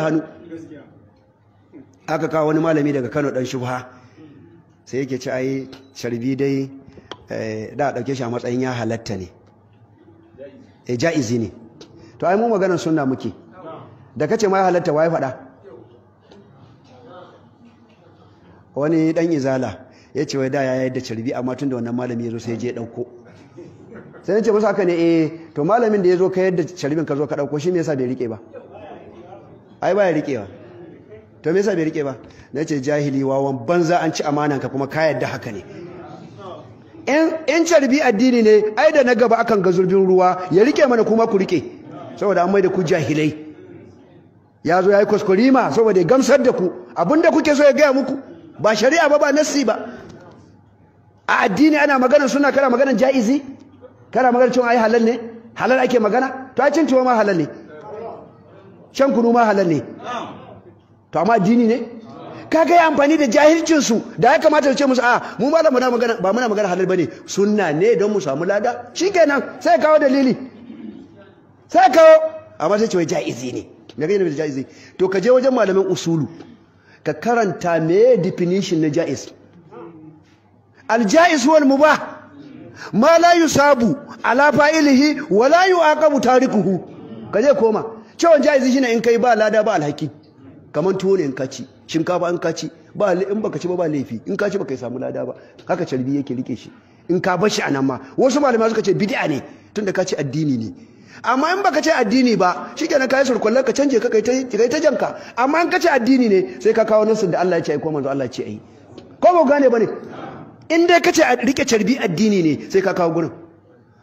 hannu aka kawo wani malami daga kano dan shubha sai yake ci ayi sharbi dai eh, da dauke shi a matsayin ya halatta ne e ja'izi ne to ai mu maganar sunna muke da kace ma ya halatta wai fada. wani dan izala ya ce wai da ya yadda carbi amma tun da wannan malami ya zo sai je dauko. sai ya ce masa haka ne eh to malamin da ya zo ka yadda sharbin ka zo ka dauko shi ne yasa bai rike ba ai baya ba, to me yasa bai rike ba nace jahili wawan banza an ci amanan ka kuma ka yadda haka ne in carbi addini ne ai da na gaba akan ga zurbin ruwa ya rike mana kuma ku rike saboda an mai da ku jahilai ya zo ya yi kuskurima saboda ya gamsar da ku abinda kuke so ya gaya muku ba shari'a ba ba nassi ba a addini ana magana suna kana magana jaizi kana magana cewa ai halal ne halal ake magana to a cin tuwa ma halal ne shan kunu ma halal ne to amma addini ne kaga yi amfani da jahilcin da ya kamata su ce musu a ah, mu ma muna magana ba muna magana halal bane sunna ne don mu samu lada shikenan sai kawo dalili sai kawo amma sai ce wai jaizi ne me kake da jaizi to ka je wajen malamin usulu ka karanta me definition na jaiz al jaiz wal mubah ma la yusabu ala fa'ilihi wa la yu'aqabu tarikuhu ka je koma cewan shi shine in kai ba lada ba alhaki kamar tuwo ne in kaci shinkafa in kaci ba in baka ci ba ba laifi in kaci ba baka samu lada ba haka carbi yake rike shi in ka bar shi a nan ma wasu malamai suka ce bid'a ne tunda ka ce addini ne amma in baka ce addini ba shikenan kai surkullar ka canje ka kai ta kai ta janka amma in ka ce addini ne sai ka kawo nasu da Allah ya ce ai ko manzo Allah ya ce ai ko ba gane bane in dai ka ce rike carbi addini ne sai ka kawo gurin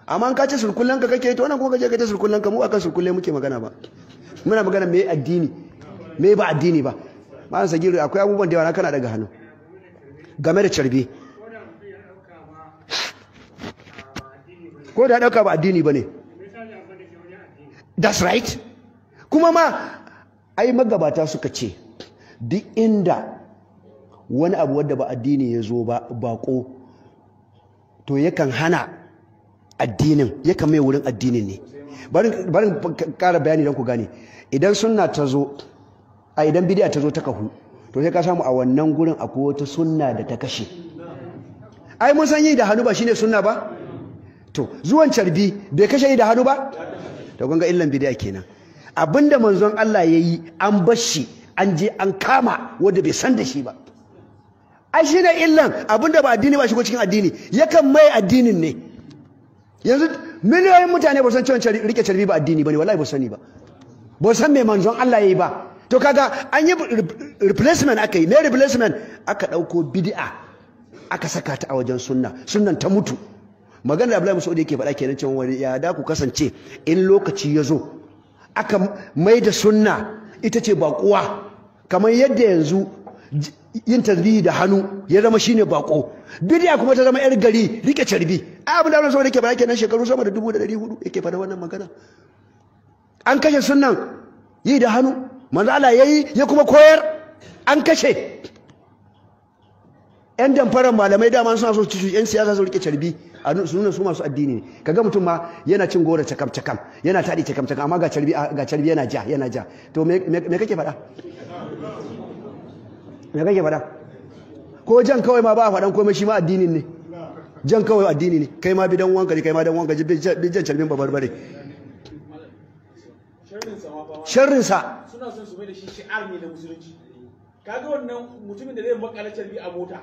amma in ka ce surkullanka kake to wannan kuma kaje ka ce surkullanka mu akan surkulle muke magana ba muna magana mai addini mai ba addini ba ma'an sagiru akwai abubuwan da yawa na kana daga hannu game da carbi ko da ɗauka ba addini ba ne that's right kuma ma ai magabata suka ce duk inda wani abu wadda ba addini ya zo ba bako to yakan hana addinin yakan mai wurin addinin ne bari kara bayani don ku gane idan sunna ta zo a idan bidiya ta zo ta kahu to sai ka samu a wannan gurin akwai wata sunna da ta kashe ai mun san yi da hannu ba shine sunna ba to zuwan carbi bai kashe yi da hannu ba to kun ga illan bidiya kenan abinda manzon Allah ya yi an bashi an je an kama wanda bai san da shi ba ai shine illan abinda ba addini ba shigo cikin addini yakan mai addinin ne yanzu miliyoyin mutane ba san cewa rike carbi ba addini ba ne wallahi ba sani ba ba san me manzon Allah yayi ba to kaga an yi replacement aka yi me replacement aka dauko bid'a aka saka ta a wajen sunna sunnan ta mutu maganar Abdullahi Mas'ud yake faɗa kenan cewa wani ya da ku kasance in lokaci ya zo aka mai da sunna ita ce baƙuwa kamar yadda yanzu yin tazbihi da hannu ya zama shine baƙo bidiya kuma ta zama yar gari rike carbi ai abin da Allah sama yake bara kenan shekaru sama da 1400 ke fada wannan magana an kashe sunan yi da hannu manzala ya yi ya kuma koyar an kashe yan damfarar malamai dama suna so su yan siyasa su rike carbi a sunan su masu addini ne ga mutum ma yana cin gora cakam cakam yana taɗi cakam cakam amma ga carbi ga carbi yana ja yana ja to me kake faɗa me kake faɗa ko jan kawai ma ba a faɗan komai shi ma addinin ne jan kawai addini ne kai ma bidan wanka ne kai ma dan wanka ji bijan calmin ba barbare sharrin sa suna son su mai da shi shi'ar ne da musulunci kaga wannan mutumin da zai makala calbi a mota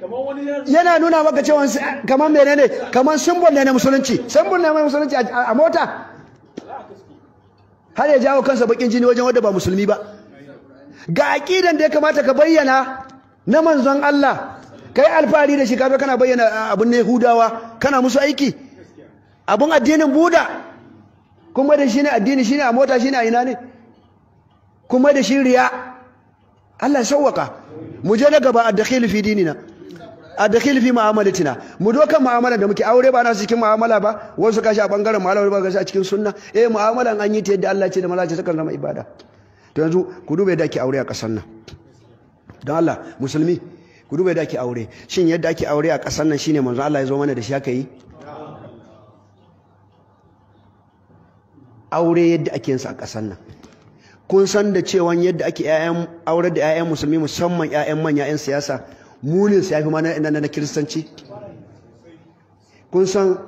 kamar wani yana nuna maka cewa kamar menene kamar symbol ne na musulunci symbol ne na musulunci a mota har ya jawo kansa bakin jini wajen wanda ba musulmi ba ga aqidan da ya kamata ka bayyana na manzon Allah kai alfahari da shi kafa kana bayyana abin na Yahudawa kana musu aiki abun addinin Buda kuma da shi ne addini shi ne a mota shi ne a ina ne kuma da shi riya Allah sawwaka mu je na gaba ad-dakhil fi dinina ad-dakhil fi mu'amalatina mu dokan mu'amalar da muke aure ba na cikin mu'amala ba wasu kashi a bangaren mu'amala ba kashi a cikin sunna eh mu'amalan an yi ta yadda Allah ce da malaka ta kan zama ibada to yanzu ku dube da ke aure a kasar nan don Allah musulmi ku duba yadda ake aure shin yadda ake aure a ƙasar nan shine manzo Allah ya zo mana da shi aka yi aure yadda ake yin sa a ƙasar nan kun san da cewa yadda ake ƴaƴan aure da ƴaƴan musulmi musamman ƴaƴan manya ƴan siyasa munin sa yafi ma na na kiristanci kun san